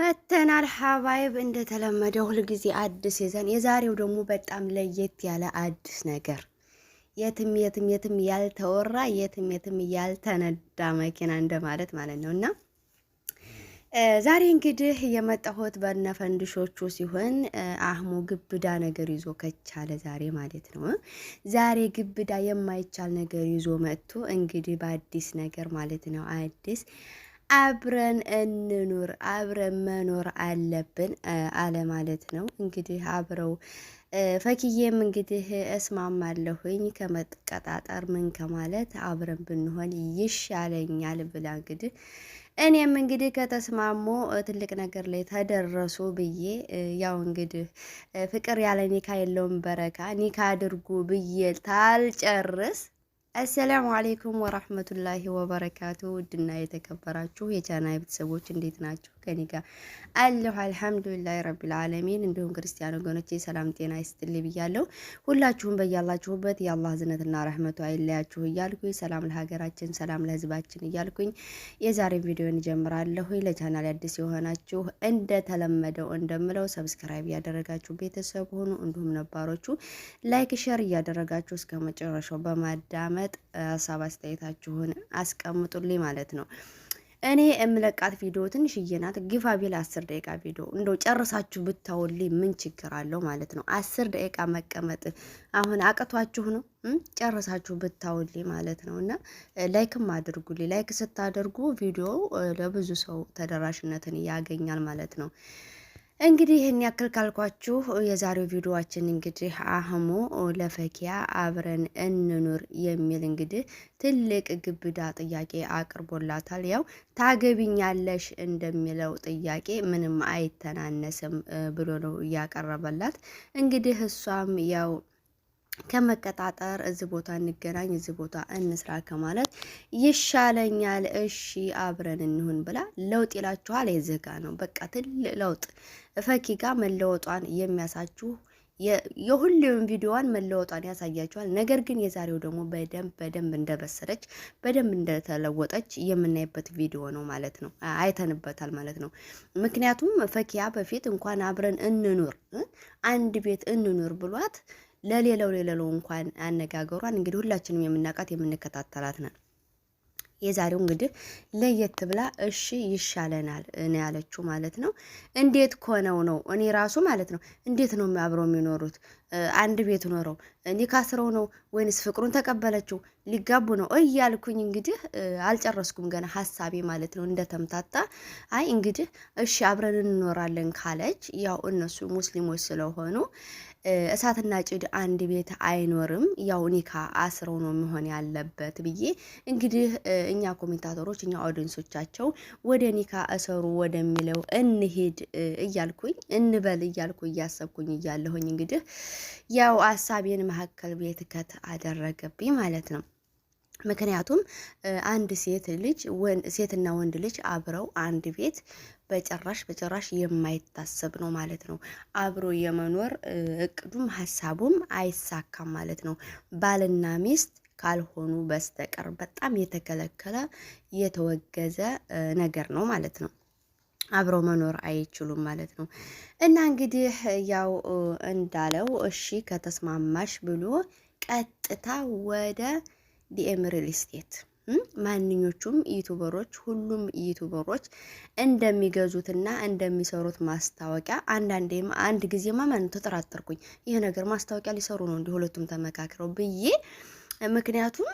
መተናል ሀባይብ እንደተለመደ ሁልጊዜ አዲስ ይዘን፣ የዛሬው ደግሞ በጣም ለየት ያለ አዲስ ነገር የትም የትም የትም ያልተወራ የትም የትም ያልተነዳ መኪና እንደማለት ማለት ነው እና ዛሬ እንግዲህ የመጣሁት በነፈንድሾቹ ሲሆን አህሙ ግብዳ ነገር ይዞ ከቻለ ዛሬ ማለት ነው። ዛሬ ግብዳ የማይቻል ነገር ይዞ መጥቶ እንግዲህ በአዲስ ነገር ማለት ነው አዲስ አብረን እንኑር አብረን መኖር አለብን አለ ማለት ነው። እንግዲህ አብረው ፈኪዬም እንግዲህ እስማማለሁኝ ከመቀጣጠር ምን ከማለት አብረን ብንሆን ይሻለኛል ብላ እንግዲህ እኔም እንግዲህ ከተስማሙ ትልቅ ነገር ላይ ተደረሱ ብዬ ያው እንግዲህ ፍቅር ያለ ኒካ የለውም በረካ ኒካ አድርጉ ብዬ ታልጨርስ አሰላሙ አሌይኩም ወራህመቱላሂ ወበረካቱ። ውድና የተከበራችሁ የቻና ቤተሰቦች እንዴት ናቸው? ከኔ ጋር አለሁ። አልሐምዱሊላህ ረቢል ዓለሚን። እንዲሁም ክርስቲያን ወገኖቼ ሰላም ጤና ይስጥልኝ ብያለሁ። ሁላችሁም በያላችሁበት የአላህ ዝነትና ረህመቱ አይለያችሁ እያልኩኝ ሰላም ለሀገራችን፣ ሰላም ለህዝባችን እያልኩኝ የዛሬ ቪዲዮን እጀምራለሁ። ለቻናል አዲስ የሆናችሁ እንደተለመደው እንደምለው ሰብስክራይብ እያደረጋችሁ ቤተሰብ ሆኑ። እንዲሁም ነባሮቹ ላይክ፣ ሸር እያደረጋችሁ እስከ መጨረሻው በማዳመጥ ሀሳብ አስተያየታችሁን አስቀምጡልኝ ማለት ነው። እኔ የምለቃት ቪዲዮ ትንሽዬ ናት። ግፋ ቢል አስር ደቂቃ ቪዲዮ እንደው ጨርሳችሁ ብታውልኝ ምን ችግር አለው ማለት ነው። አስር ደቂቃ መቀመጥ አሁን አቅቷችሁ ነው። ጨርሳችሁ ብታውልኝ ማለት ነው። እና ላይክም አድርጉልኝ። ላይክ ስታደርጉ ቪዲዮ ለብዙ ሰው ተደራሽነትን ያገኛል ማለት ነው። እንግዲህ ይህን ያክል ካልኳችሁ የዛሬው ቪዲዮዋችን እንግዲህ አህሙ ለፈኪያ አብረን እንኑር የሚል እንግዲህ ትልቅ ግብዳ ጥያቄ አቅርቦላታል። ያው ታገቢኛለሽ እንደሚለው ጥያቄ ምንም አይተናነስም ብሎ ነው እያቀረበላት እንግዲህ እሷም ያው ከመቀጣጠር እዚህ ቦታ እንገናኝ፣ እዚህ ቦታ እንስራ ከማለት ይሻለኛል፣ እሺ አብረን እንሁን ብላ ለውጥ ይላችኋል። የዚህ ጋ ነው በቃ ትልቅ ለውጥ እፈኪ ጋ መለወጧን የሚያሳችሁ የሁሉም ቪዲዮዋን መለወጧን ያሳያችኋል። ነገር ግን የዛሬው ደግሞ በደንብ በደንብ እንደበሰለች በደንብ እንደተለወጠች የምናይበት ቪዲዮ ነው ማለት ነው። አይተንበታል ማለት ነው። ምክንያቱም ፈኪያ በፊት እንኳን አብረን እንኑር አንድ ቤት እንኑር ብሏት ለሌለው ሌለው እንኳን አነጋገሯን እንግዲህ ሁላችንም የምናውቃት የምንከታተላት ነን። የዛሬው እንግዲህ ለየት ብላ እሺ ይሻለናል እኔ ያለችው ማለት ነው። እንዴት ኮነው ነው እኔ ራሱ ማለት ነው እንዴት ነው አብረው የሚኖሩት አንድ ቤት ኖረው ኒካ አስረው ነው ወይንስ ፍቅሩን ተቀበለችው ሊጋቡ ነው እያልኩኝ እንግዲህ አልጨረስኩም ገና ሀሳቤ ማለት ነው። እንደተምታታ አይ እንግዲህ እሺ አብረን እንኖራለን ካለች ያው እነሱ ሙስሊሞች ስለሆኑ እሳትና ጭድ አንድ ቤት አይኖርም። ያው ኒካ አስረው ነው መሆን ያለበት ብዬ እንግዲህ እኛ ኮሜንታተሮች እኛ ኦዲንሶቻቸው ወደ ኒካ እሰሩ ወደሚለው እንሄድ እያልኩኝ እንበል እያልኩ እያሰብኩኝ እያለሁኝ እንግዲህ ያው አሳቤን መካከል ከት አደረገብኝ ማለት ነው። ምክንያቱም አንድ ሴት ልጅ ሴትና ወንድ ልጅ አብረው አንድ ቤት በጭራሽ በጭራሽ የማይታሰብ ነው ማለት ነው። አብሮ የመኖር እቅዱም ሀሳቡም አይሳካም ማለት ነው። ባልና ሚስት ካልሆኑ በስተቀር በጣም የተከለከለ የተወገዘ ነገር ነው ማለት ነው። አብረው መኖር አይችሉም ማለት ነው። እና እንግዲህ ያው እንዳለው እሺ ከተስማማሽ ብሎ ቀጥታ ወደ ዲኤም ሪል ስቴት ማንኞቹም ዩቱበሮች ሁሉም ዩቱበሮች እንደሚገዙትና እንደሚሰሩት ማስታወቂያ አንዳንዴም አንድ ጊዜ ማመን ተጠራጠርኩኝ። ይህ ነገር ማስታወቂያ ሊሰሩ ነው እንዲህ ሁለቱም ተመካክረው ብዬ ምክንያቱም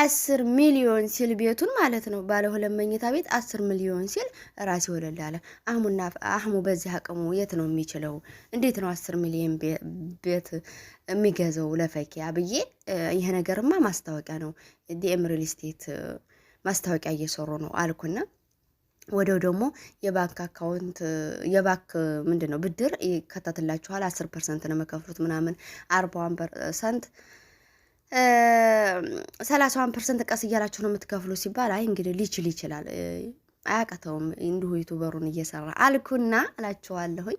አስር ሚሊዮን ሲል ቤቱን ማለት ነው። ባለ ሁለት መኝታ ቤት አስር ሚሊዮን ሲል ራሴ ወለል አለ። አህሙና አህሙ በዚህ አቅሙ የት ነው የሚችለው? እንዴት ነው አስር ሚሊዮን ቤት የሚገዘው ለፈኪያ ብዬ ይሄ ነገርማ ማስታወቂያ ነው። ዲኤም ሪል ስቴት ማስታወቂያ እየሰሩ ነው አልኩና ወደው ደግሞ የባንክ አካውንት የባንክ ምንድን ነው ብድር ይከታትላችኋል። አስር ፐርሰንት ነው መከፍሉት ምናምን አርባዋን ፐርሰንት ሰላሳዋን ፐርሰንት ቀስ እያላችሁ ነው የምትከፍሉ ሲባል አይ እንግዲህ ሊችል ይችላል አያቀተውም እንዲሁ ዩቱበሩን እየሰራ አልኩና እላችኋለሁኝ።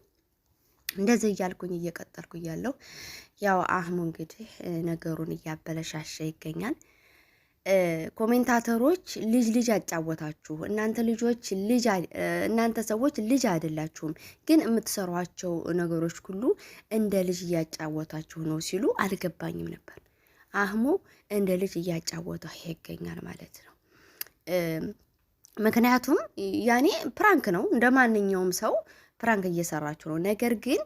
እንደዚህ እያልኩኝ እየቀጠልኩ እያለሁ ያው አህሙ እንግዲህ ነገሩን እያበለሻሸ ይገኛል። ኮሜንታተሮች ልጅ ልጅ አጫወታችሁ እናንተ ልጆች ልጅ እናንተ ሰዎች ልጅ አይደላችሁም፣ ግን የምትሰሯቸው ነገሮች ሁሉ እንደ ልጅ እያጫወታችሁ ነው ሲሉ አልገባኝም ነበር። አህሙ እንደ ልጅ እያጫወተው ይገኛል ማለት ነው። ምክንያቱም ያኔ ፕራንክ ነው፣ እንደ ማንኛውም ሰው ፕራንክ እየሰራችሁ ነው። ነገር ግን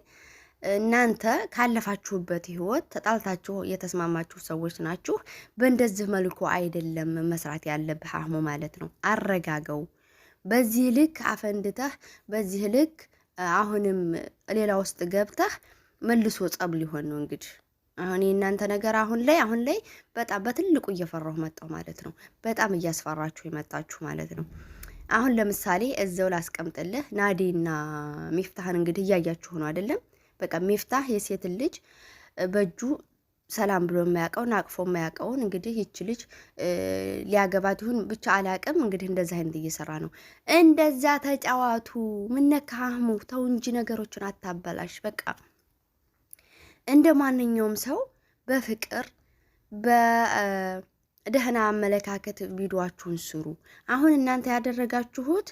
እናንተ ካለፋችሁበት ህይወት ተጣልታችሁ የተስማማችሁ ሰዎች ናችሁ። በእንደዚህ መልኩ አይደለም መስራት ያለብህ አህሙ ማለት ነው። አረጋገው። በዚህ ልክ አፈንድተህ፣ በዚህ ልክ አሁንም ሌላ ውስጥ ገብተህ መልሶ ጸብ ሊሆን ነው እንግዲህ አሁን የእናንተ ነገር አሁን ላይ አሁን ላይ በጣም በትልቁ እየፈራሁ መጣሁ ማለት ነው። በጣም እያስፈራችሁ የመጣችሁ ማለት ነው። አሁን ለምሳሌ እዘው ላስቀምጥልህ። ናዴና ሚፍታህን እንግዲህ እያያችሁ ነው አይደለም? በቃ ሚፍታህ የሴትን ልጅ በእጁ ሰላም ብሎ የማያውቀውን አቅፎ የማያውቀውን እንግዲህ ይቺ ልጅ ሊያገባት ይሁን ብቻ አላቅም። እንግዲህ እንደዛ አይነት እየሰራ ነው። እንደዛ ተጫዋቱ ምነካህሙ ተው እንጂ ነገሮችን አታበላሽ በቃ እንደ ማንኛውም ሰው በፍቅር በደህና አመለካከት ቪዲዮችሁን ስሩ። አሁን እናንተ ያደረጋችሁት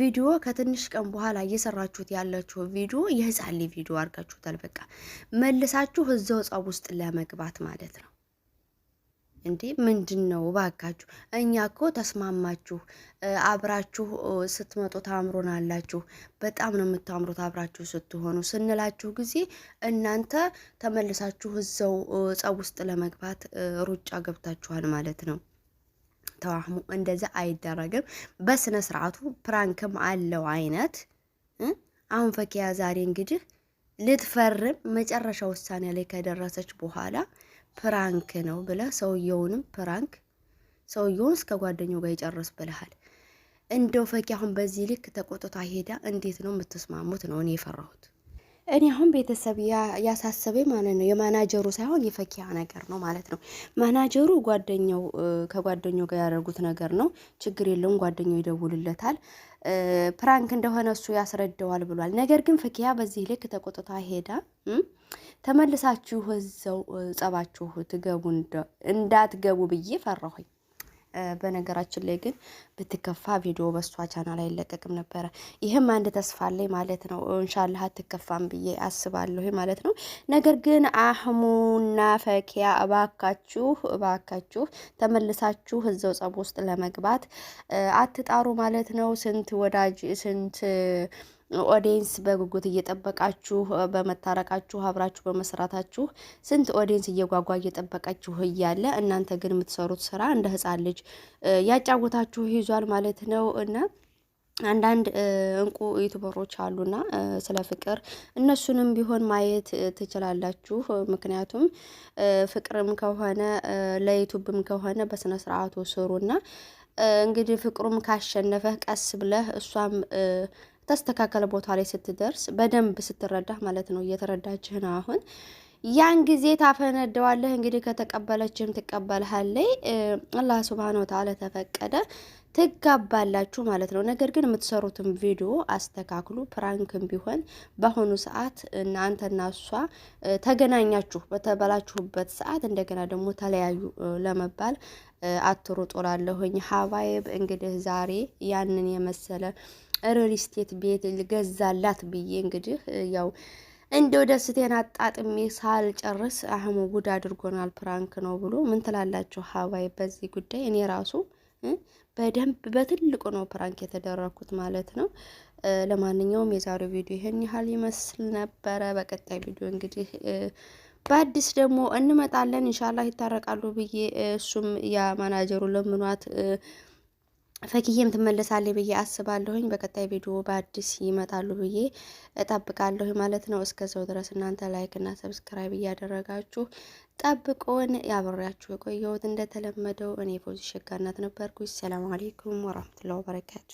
ቪዲዮ ከትንሽ ቀን በኋላ እየሰራችሁት ያላችሁ ቪዲዮ የህፃን ቪዲዮ አድርጋችሁታል። በቃ መልሳችሁ እዛው ጸብ ውስጥ ለመግባት ማለት ነው። እንዴ ምንድን ነው ባካችሁ? እኛ እኮ ተስማማችሁ፣ አብራችሁ ስትመጡ ታምሮን አላችሁ፣ በጣም ነው የምታምሩት አብራችሁ ስትሆኑ ስንላችሁ ጊዜ እናንተ ተመልሳችሁ እዛው ጸብ ውስጥ ለመግባት ሩጫ ገብታችኋል ማለት ነው። ተዋህሙ እንደዛ አይደረግም። በስነ ስርዓቱ ፕራንክም አለው አይነት አሁን ፈኪያ ዛሬ እንግዲህ ልትፈርም መጨረሻ ውሳኔ ላይ ከደረሰች በኋላ ፕራንክ ነው ብለህ ሰውየውንም ፕራንክ ሰውየውን እስከ ጓደኛው ጋር ይጨርስ ብለሃል። እንደው ፈኪ አሁን በዚህ ልክ ተቆጥታ ሄዳ እንዴት ነው የምትስማሙት? ነው እኔ የፈራሁት። እኔ አሁን ቤተሰብ ያሳሰበ ማለት ነው የማናጀሩ ሳይሆን የፈኪያ ነገር ነው ማለት ነው። ማናጀሩ ጓደኛው ከጓደኛው ጋር ያደረጉት ነገር ነው፣ ችግር የለውም ጓደኛው ይደውልለታል፣ ፕራንክ እንደሆነ እሱ ያስረደዋል ብሏል። ነገር ግን ፈኪያ በዚህ ልክ ተቆጥታ ሄዳ ተመልሳችሁ እዛው ጸባችሁ ትገቡ እንዳትገቡ ብዬ ፈራሁኝ። በነገራችን ላይ ግን ብትከፋ ቪዲዮ በሷ ቻናል አይለቀቅም ነበረ። ይህም አንድ ተስፋ አለኝ ማለት ነው። እንሻላህ አትከፋም ብዬ አስባለሁ ማለት ነው። ነገር ግን አህሙና ፈኪያ እባካችሁ እባካችሁ ተመልሳችሁ እዛው ጸብ ውስጥ ለመግባት አትጣሩ ማለት ነው። ስንት ወዳጅ ስንት ኦዲየንስ በጉጉት እየጠበቃችሁ በመታረቃችሁ አብራችሁ በመስራታችሁ ስንት ኦዲየንስ እየጓጓ እየጠበቃችሁ እያለ እናንተ ግን የምትሰሩት ስራ እንደ ህፃን ልጅ ያጫወታችሁ ይዟል ማለት ነው እና አንዳንድ እንቁ ዩቱበሮች አሉና ስለ ፍቅር እነሱንም ቢሆን ማየት ትችላላችሁ። ምክንያቱም ፍቅርም ከሆነ ለዩቱብም ከሆነ በስነ ስርዓቱ ስሩና እንግዲህ ፍቅሩም ካሸነፈህ ቀስ ብለህ እሷም ተስተካከለ ቦታ ላይ ስትደርስ በደንብ ስትረዳህ ማለት ነው። እየተረዳችህን አሁን ያን ጊዜ ታፈነደዋለህ። እንግዲህ ከተቀበለችም ትቀበልሃለይ። አላህ ሱብሃነሁ ወተዓላ ተፈቀደ ትጋባላችሁ ማለት ነው። ነገር ግን የምትሰሩትን ቪዲዮ አስተካክሉ። ፕራንክም ቢሆን በአሁኑ ሰዓት እናንተና እሷ ተገናኛችሁ በተበላችሁበት ሰዓት እንደገና ደግሞ ተለያዩ ለመባል አትሩጡላለሁኝ። ላለሁኝ ሀባይብ እንግዲህ ዛሬ ያንን የመሰለ ሪል ስቴት ቤት ልገዛላት ብዬ እንግዲህ ያው እንደው ደስቴን አጣጥሜ ሳልጨርስ አህሙ ጉድ አድርጎናል፣ ፕራንክ ነው ብሎ ምን ትላላችሁ ሀዋይ በዚህ ጉዳይ እኔ ራሱ በደንብ በትልቁ ነው ፕራንክ የተደረኩት ማለት ነው። ለማንኛውም የዛሬው ቪዲዮ ይህን ያህል ይመስል ነበረ። በቀጣይ ቪዲዮ እንግዲህ በአዲስ ደግሞ እንመጣለን። እንሻላ ይታረቃሉ ብዬ እሱም ያ ማናጀሩ ለምኗት ፈክዬም ትመለሳለች ብዬ አስባለሁኝ። በቀጣይ ቪዲዮ በአዲስ ይመጣሉ ብዬ እጠብቃለሁ ማለት ነው። እስከዛው ድረስ እናንተ ላይክ እና ሰብስክራይብ እያደረጋችሁ ጠብቆን ያበሪያችሁ የቆየሁት እንደተለመደው እኔ ፖዚሽ ጋናት ነበርኩ። ሰላም አሌይኩም ወራህመቱላሂ ወበረካቱ